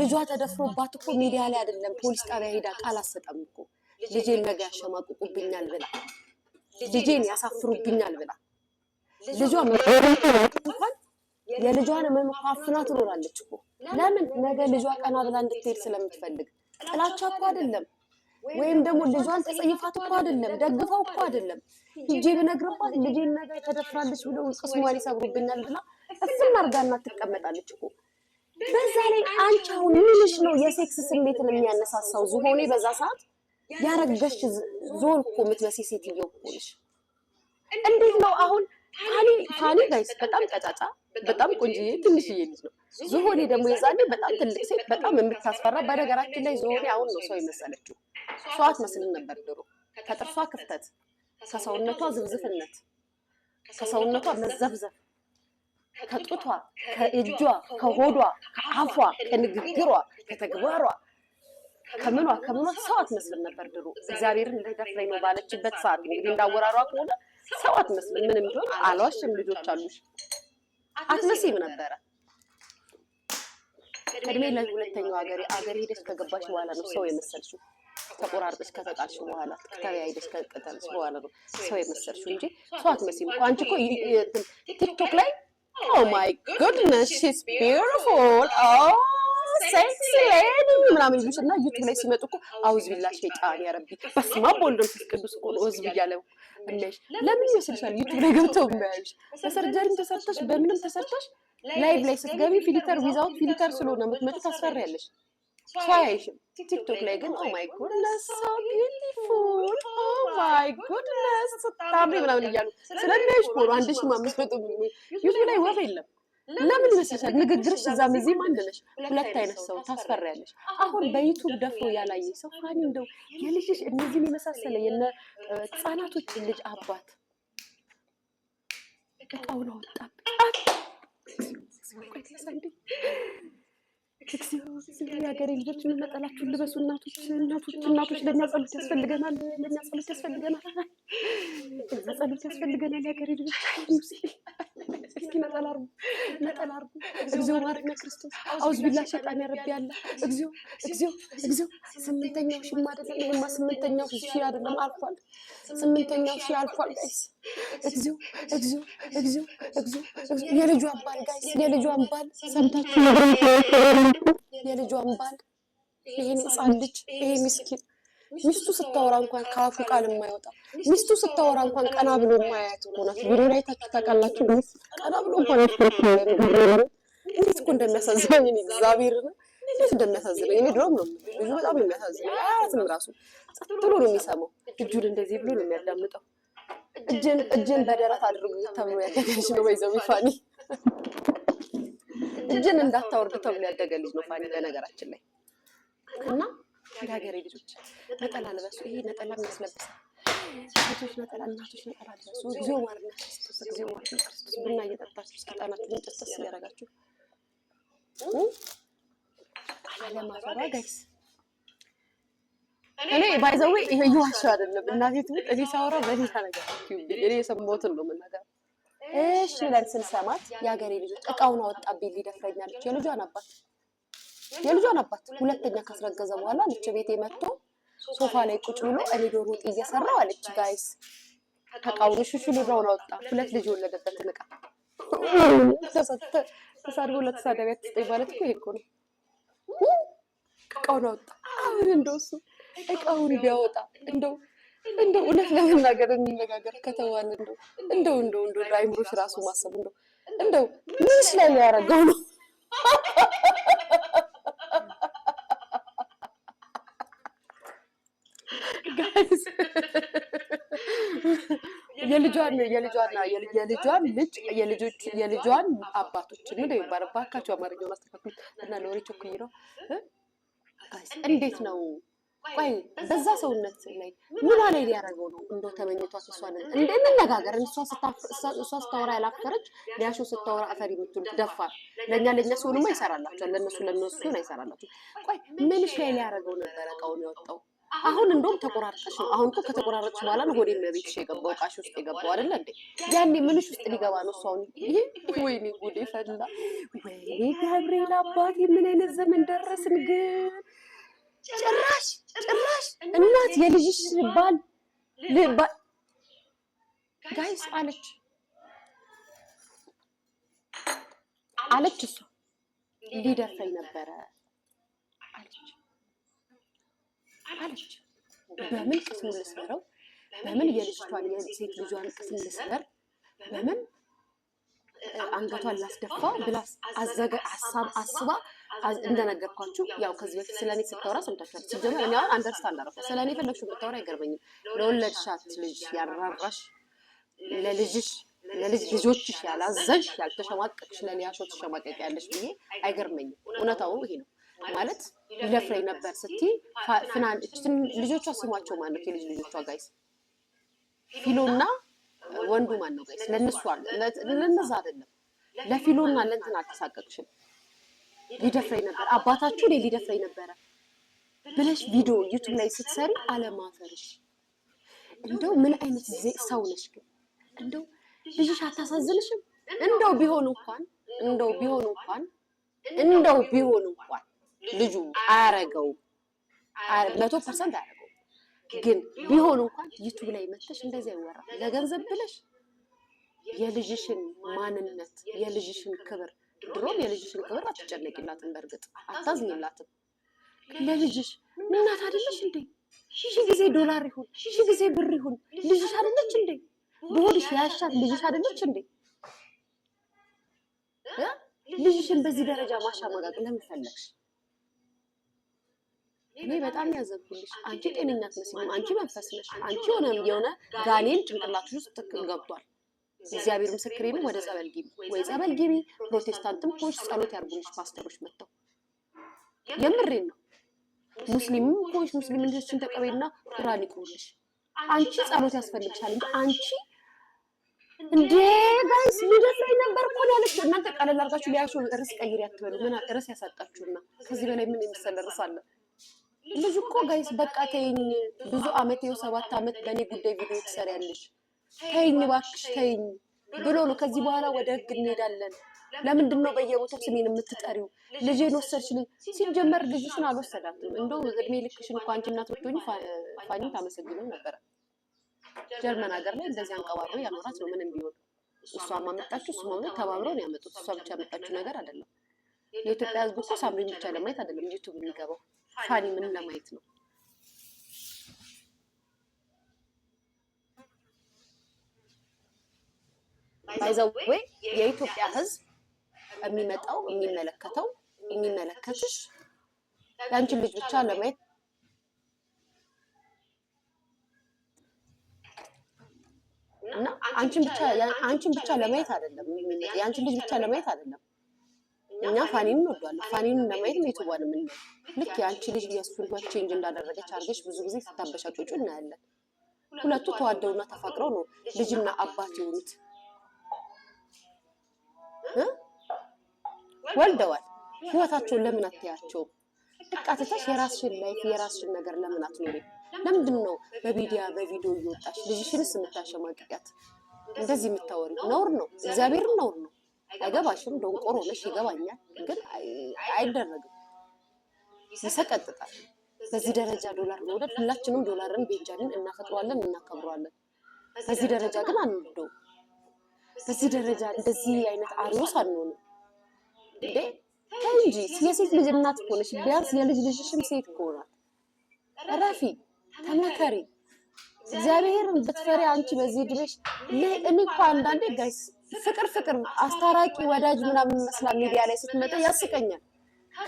ልጇ ተደፍሮባት እኮ ሚዲያ ላይ አይደለም ፖሊስ ጣቢያ ሄዳ ቃል አሰጠም እኮ ልጄን ነገ ያሸማቅቁብኛል ብላ ልጄን ያሳፍሩብኛል ብላ ልጇ እንኳን የልጇን ህመም ትኖራለች እኮ ለምን ነገ ልጇ ቀና ብላ እንድትሄድ ስለምትፈልግ ጥላቻ እኮ አይደለም ወይም ደግሞ ልጇን ተጸይፋት እኮ አይደለም ደግፈው እኮ አይደለም ሂጄ ብነግርባት ልጄን ነገ ተደፍራለች ብለው ቅስሟን ይሰብሩብኛል ብላ እፍም አድርጋና ትቀመጣለች እኮ በዛ ላይ አንቺ አሁን ምንሽ ነው የሴክስ ስሜትን የሚያነሳሳው? ዝሆኔ በዛ ሰዓት ያረገሽ ዞን እኮ የምትመስይ ሴትዮ እኮ ነሽ። እንዴት ነው አሁን ታኒ ታኒ ጋይስ በጣም ቀጫጫ በጣም ቆንጆዬ ትንሽዬ ልጅ ነው። ዝሆኔ ደግሞ የዛኔ በጣም ትልቅ ሴት በጣም የምታስፈራ። በነገራችን ላይ ዝሆኔ አሁን ነው ሰው የመሰለችው። ሰው አትመስልም ነበር ድሮ። ከጥርሷ ክፍተት፣ ከሰውነቷ ዝብዝፍነት፣ ከሰውነቷ መዘፍዘፍ ከጡቷ፣ ከእጇ፣ ከሆዷ፣ ከአፏ፣ ከንግግሯ፣ ከተግባሯ ከምኗ ከምኗ ሰው አትመስልም ነበር ድሮ። እግዚአብሔርን ልደት ላይ ነው ባለችበት ሰዓት እንግዲህ እንዳወራሯ ከሆነ ሰው አትመስልም። ምንም ቢሆን አልዋሽም፣ ልጆች አሉሽ አትመስም ነበረ። እድሜ ለሁለተኛው ሀገር አገር ሄደች ከገባች በኋላ ነው ሰው የመሰልሽው። ተቆራርጠሽ ከተጣልሽ በኋላ ከተለያይደሽ ከቀጠልሽ በኋላ ነው ሰው የመሰልሽው እንጂ ሰው አትመስም እኮ አንቺ እኮ ቲክቶክ ላይ ኦ ማይ ጉድነስ ሺስ ቢዩቲፉል ኦ ሴክሲ ሌዲ ምናምን ይሉሽ እና ዩቱብ ላይ ሲመጡ እኮ አውዝ ቢላ ሸይጣን ያረቢ በስመ አብ ወወልድ ቅዱስ እኮ ነው ህዝብ እያለው ለምን ይመስልሻል ዩቱብ ላይ ገብተው የሚያዩሽ? በሰርጀሪም ተሰርተሽ በምንም ተሰርተሽ ላይቭ ላይ ስትገቢ ፊልተር ዊዛውት ፊልተር ስለሆነ የምትመጪው ታስፈሪያለሽ። ቻይሽ ቲክቶክ ላይ ግን ኦማይ ጉድነስ ሶ ቢዩቲፉል ኦማይ ጉድነስ ስታምሪ ምናምን እያሉ ስለሚያዩሽ ፖሎ አንድ ሺህ አምስት መቶ ዩቱብ ላይ ወፍ የለም። ለምን ይመስልሻል? ንግግርሽ እዛም እዚህም አንድ ነሽ። ሁለት አይነት ሰው ታስፈሪያለሽ። አሁን በዩቱብ ደፍሮ ያላየ ሰው ሀኒ እንደው የልጅሽ እነዚህን የመሳሰለ የነ ህጻናቶች ልጅ አባት ነው አወጣብኝ የሀገሬ ልጆች የምንመጠላችሁን ልበሱ። እናቶች እናቶች እናቶች ለእኛ ጸሎት ያስፈልገናል። ለእኛ ጸሎት ያስፈልገናል። ጸሎት ያስፈልገናል። የሀገሬ ልጆች እስኪ ነጠላ አድርጉ፣ ነጠላ አድርጉ። እግዚኦ ማረነ ክርስቶስ፣ አውዝ ቢላ ሸጣን ያረቢ ያለ እግዚኦ፣ እግዚኦ፣ እግዚኦ። ስምንተኛው ሺ አይደለም ስምንተኛው ሺ አልፏል። ስምንተኛው ሺ አልፏል ጋይስ። እግዚኦ፣ እግዚኦ፣ እግዚኦ፣ እግዚኦ። የልጇን ባል ጋይስ፣ የልጇን ባል ሰምታችሁ፣ የልጇን ባል ልጅ ይሄ ምስኪን ሚስቱ ስታወራ እንኳን ከአፉ ቃል የማይወጣ ሚስቱ ስታወራ እንኳን ቀና ብሎ የማያያት ሆናት። ቢሮ ላይ ታች ታውቃላችሁ። ቀና ብሎ እንኳን ያስፈልጋል። እንዴት እኮ እንደሚያሳዝነኝ እግዚአብሔር ነው። እንዴት እንደሚያሳዝነኝ እኔ ድሮም ነው ብዙ በጣም የሚያሳዝነው። አያትም ራሱ ጸጥ ብሎ ነው የሚሰማው። እጁን እንደዚህ ብሎ ነው የሚያዳምጠው። እጅን እጅን በደረት አድርጉ ተብሎ ያደገልሽ ነው ወይዘው ሚፋኒ እጅን እንዳታወርዱ ተብሎ ያደገልሽ ነው ፋኒ በነገራችን ላይ እና የሀገሬ ልጆች ነጠላ ልበሱ። ይሄ ነጠላ የሚያስለብሳል። ልጆች ነጠላ፣ እናቶች ነጠላ ልበሱ። እግዚኦ ማርና ክርስቶስ፣ እግዚኦ ማርና ክርስቶስ። ቡና እየጠጣችሁ ስልጣናችሁ ምንጭስጠስ እያደረጋችሁ አላለማፈሯ ጋይስ እኔ ባይዘዌ እየዋሸሁ አይደለም። እናቴ ትምህርት እኔ ሳወራ በሌላ ነገር እኔ የሰማሁትን ነው የምናገር። እሺ ብለን ስንሰማት የሀገሬ ልጆች እቃውን አወጣብኝ ሊደፍረኛለች የልጇን አባት የልጇን አባት ሁለተኛ ካስረገዘ በኋላ ልጅ ቤቴ መጥቶ ሶፋ ላይ ቁጭ ብሎ እኔ ዶሮ ወጥ እየሰራው አለች። ጋይስ ተቃውሞ ሽሹ ሊባውን አወጣ። ሁለት ልጅ የወለደበት ንቃ ተሳድቦ ለተሳዳቢ አትስጠኝ ማለት እኮ ይሄ እኮ ነው። እቃውን አወጣ። አሁን እንደው እሱ እቃውን ቢያወጣ እንደው እንደው እውነት ለመናገር የሚነጋገር ከተባለ እንደው እንደው እንደው እንደው አይምሮች ራሱ ማሰብ እንደው እንደው ምን ላይ ያደረገው ነው ጋይስ የልጇን የልጇና የልጇን ልጅ የልጆች የልጇን አባቶች ምንድን ነው ባካቸው ማስተካከል እና ለወሬ ነው። እንዴት ነው ቆይ በዛ ሰውነት ላይ ምኗ ላይ ሊያደርገው ነው? እንደው ተመኝቷ እንደ እንነጋገር እሷ ስታወራ ያላፈረች ሊያሾ ስታወራ አፈር የምትሉት ደፋር። ለእኛ ለእኛ ይሰራላቸዋል፣ ለእነሱ አይሰራላቸው። ቆይ ምንሽ ላይ ሊያደርገው ነበረ? እቃውን ያወጣው አሁን እንደውም ተቆራርጠሽ ነው። አሁን እኮ ከተቆራረጥሽ በኋላ ነው ሆዴ ቤትሽ የገባው እቃሽ ውስጥ የገባው አይደለ እንዴ? ያኔ ምንሽ ውስጥ ሊገባ ነው እሱ አሁን። ይህ ወይኔ ጉዴ ፈላ። ወይኔ ገብርኤል አባቴ ምን አይነት ዘመን ደረስን ግን ጭራሽ ጭራሽ እናት የልጅሽ ባል ጋይስ አለች አለች እሷ ሊደርሰኝ ነበረ አለች። አለች። በምን ቅስም ልስበረው? በምን የልጅቷን የሴት ልጇን ቅስም ልስበር? በምን አንገቷን ላስደፋ ብላ አዘገ ሀሳብ አስባ እንደነገርኳችሁ ያው ከዚህ በፊት ስለ እኔ ስታወራ ሰምታችኋል። ሲጀመር እኔ አሁን አንደርስታንድ አላደረኩም። ስለ እኔ ብታወራ አይገርመኝም። ለወለድሻት ልጅ ያራራሽ፣ ለልጅ ልጆችሽ ያላዘንሽ፣ ያልተሸማቀቅሽ፣ ለሊያሾ ያለሽ ብዬ አይገርመኝም። እውነታው ይሄ ነው። ማለት ይደፍረኝ ነበር ስትይ ልጆቿ ስሟቸው ማን የልጅ ልጆቿ ጋይስ ፊሎና ወንዱ ማን ነው ጋይስ? ለእነሱ ለእነዛ አይደለም። ለፊሎና ለእንትን አልተሳቀቅሽም። ሊደፍረኝ ነበር አባታችሁ ላይ ሊደፍረኝ ነበረ ብለሽ ቪዲዮ ዩቱብ ላይ ስትሰሪ አለማፈርሽ እንደው ምን አይነት ሰው ነሽ ግን? እንደው ልጅሽ አታሳዝንሽም? እንደው ቢሆን እንኳን እንደው ቢሆን እንኳን እንደው ቢሆን እንኳን ልጁ አያረገው መቶ ፐርሰንት አያረገው። ግን ቢሆን እንኳን ዩቱብ ላይ መተሽ እንደዚህ ይወራ ለገንዘብ ብለሽ የልጅሽን ማንነት የልጅሽን ክብር ድሮም የልጅሽን ክብር አትጨነቂላትም። በእርግጥ አታዝኝላትም። ለልጅሽ እናት አይደለሽ እንዴ? ሺ ጊዜ ዶላር ይሁን ሺ ጊዜ ብር ይሁን ልጅሽ አይደለች እንዴ? በሆድሽ ያሻት ልጅሽ አይደለች እንዴ? ልጅሽን በዚህ ደረጃ ማሻማጋቅ ለምን ፈለግሽ? እኔ በጣም ያዘብኩልሽ። አንቺ ጤንነት አትመስይም። አንቺ መንፈስ ነሽ። አንቺ ሆነም የሆነ ጋኔን ጭንቅላት ውስጥ ትክክል ገብቷል። እግዚአብሔር ምስክሬ ወደ ጸበል ግቢ ወይ ጸበል ግቢ። ፕሮቴስታንትም ኮች ጸሎት ያርጉልሽ ፓስተሮች መጥተው የምሬን ነው። ሙስሊምም ኮች ሙስሊም ልጆችን ተቀበይና ቁራን ይቁልሽ። አንቺ ጸሎት ያስፈልግሻል እንጂ አንቺ እንዴ ጋይስ ላይ ነበር እኮ ነው እናንተ ቀለል አድርጋችሁ ሊያሹ ርዕስ ቀይሬ አትበሉ። ምን ርዕስ ያሳጣችሁና ከዚህ በላይ ምን የመሰለ ርዕስ አለ? ልጅ እኮ ጋይስ በቃ ተይኝ። ብዙ አመት ይኸው ሰባት አመት በእኔ ጉዳይ ቪዲዮ ትሰሪያለሽ፣ ተይኝ እባክሽ ተይኝ ብሎ ነው። ከዚህ በኋላ ወደ ህግ እንሄዳለን። ለምንድን ነው በየቦታው ስሜን የምትጠሪው? ልጄን ወሰድሽልኝ። ሲጀመር ልጅሽን አልወሰዳትም። እንደ እድሜ ልክሽን እኮ አንቺ እናት ብትሆኚ ፋኒ ነበረ። ጀርመን ሀገር ላይ እንደዚህ አንቀባሮ ያኖራት ነው። ምንም ቢሆን እሷ ማመጣችሁ እሱ ማምነት ተባብረው ነው ያመጡት። እሷ ብቻ ያመጣችሁ ነገር አይደለም። የኢትዮጵያ ህዝብ እኮ ሳምሪን ብቻ ለማየት አይደለም ዩቱብ የሚገባው ፋኒ ምን ለማየት ነው? ባይዘዌ የኢትዮጵያ ህዝብ የሚመጣው የሚመለከተው የሚመለከትሽ የአንቺን ልጅ ብቻ ለማየት እና አንቺን ብቻ ለማየት አይደለም። የአንቺን ልጅ ብቻ ለማየት አይደለም እኛ ፋኒን እንወዷለን። ፋኒን ለማየት ነው የትዋን ምን ልክ የአንቺ ልጅ የእሱን ቼንጅ እንዳደረገች አድርገሽ ብዙ ጊዜ ስታበሻጮጩ እናያለን። ሁለቱ ተዋደውና ተፋቅረው ነው ልጅና አባት የሆኑት ወልደዋል። ህይወታቸውን ለምን አታያቸውም? እቃትታሽ የራስሽን ላይፍ የራስሽን ነገር ለምን አትኖሪ? ለምንድን ነው በሚዲያ በቪዲዮ እየወጣሽ ልጅሽንስ የምታሸማቅቂያት? እንደዚህ የምታወሪ ነውር ነው። እግዚአብሔርን ነውር ነው። አይገባሽም፣ ደንቆሮ ነሽ ይገባኛል፣ ግን አይደረግም፣ ይሰቀጥጣል። በዚህ ደረጃ ዶላር መውደድ፣ ሁላችንም ዶላርን ቤንጃሚን እናፈጥሯለን፣ እናከብሯለን በዚህ ደረጃ ግን አንወደው። በዚህ ደረጃ እንደዚህ አይነት አሪዎስ አንሆንም እንዴ! እንጂ የሴት ልጅ እናት ሆነሽ ቢያንስ የልጅ ልጅሽም ሴት ከሆናት ረፊ ተመከሪ። እግዚአብሔርን ብትፈሪ አንቺ በዚህ ድረሽ እኔ እኮ አንዳንዴ ጋይስ ፍቅር ፍቅር አስታራቂ ወዳጅ ምናምን መስላ ሚዲያ ላይ ስትመጣ ያስቀኛል።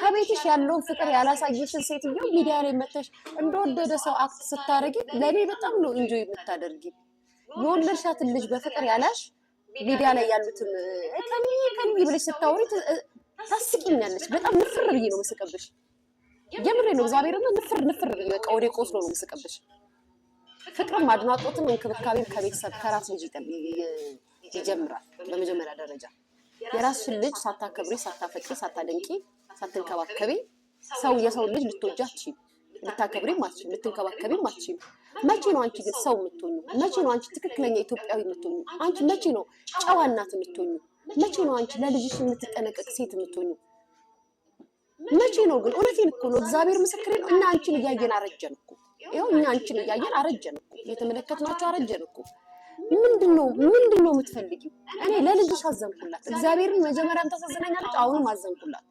ከቤትሽ ያለውን ፍቅር ያላሳየሽን ሴትዮ ሚዲያ ላይ መተሽ እንደወደደ ሰው አክት ስታደርጊ ለእኔ በጣም ነው እንጆ የምታደርጊ። የወለድሻትን ልጅ በፍቅር ያላሽ ሚዲያ ላይ ያሉትም ከሚ ከኒ ብለሽ ስታወሪ ታስቂኛለች። በጣም ንፍር ብዬ ነው የምስቅብሽ። የምሬ ነው እግዚአብሔር ነው ንፍር ንፍር ብዬ በቃ ወደ ቆስሎ ነው የምስቅብሽ። ፍቅርም አድናቆትም እንክብካቤም ከቤተሰብ ከራስ ልጅ ይጀምራል። በመጀመሪያ ደረጃ የራስሽን ልጅ ሳታከብሪ፣ ሳታፈቅሪ፣ ሳታደንቂ፣ ሳትንከባከቢ ሰው የሰው ልጅ ልትወጂ አትችይም፣ ልታከብሪ አትችይም፣ ልትንከባከቢ አትችይም። መቼ ነው አንቺ ግን ሰው የምትሆኙ? መቼ ነው አንቺ ትክክለኛ ኢትዮጵያዊ የምትሆኙ? አንቺ መቼ ነው ጨዋ እናት የምትሆኙ? መቼ ነው አንቺ ለልጅሽ የምትጠነቀቅ ሴት የምትሆኙ? መቼ ነው ግን? እውነቴን እኮ ነው፣ እግዚአብሔር ምስክሬ ነው። እና አንቺን እያየን አረጀን እኮ ይኸው፣ እኛ አንቺን እያየን አረጀን እኮ፣ እየተመለከትናቸው አረጀን እኮ። ምንድነው ምንድነው የምትፈልጊው? እኔ ለልጅሽ አዘንኩላት። እግዚአብሔርን መጀመሪያም ታሳዝናኛለች፣ አሁንም አዘንኩላት።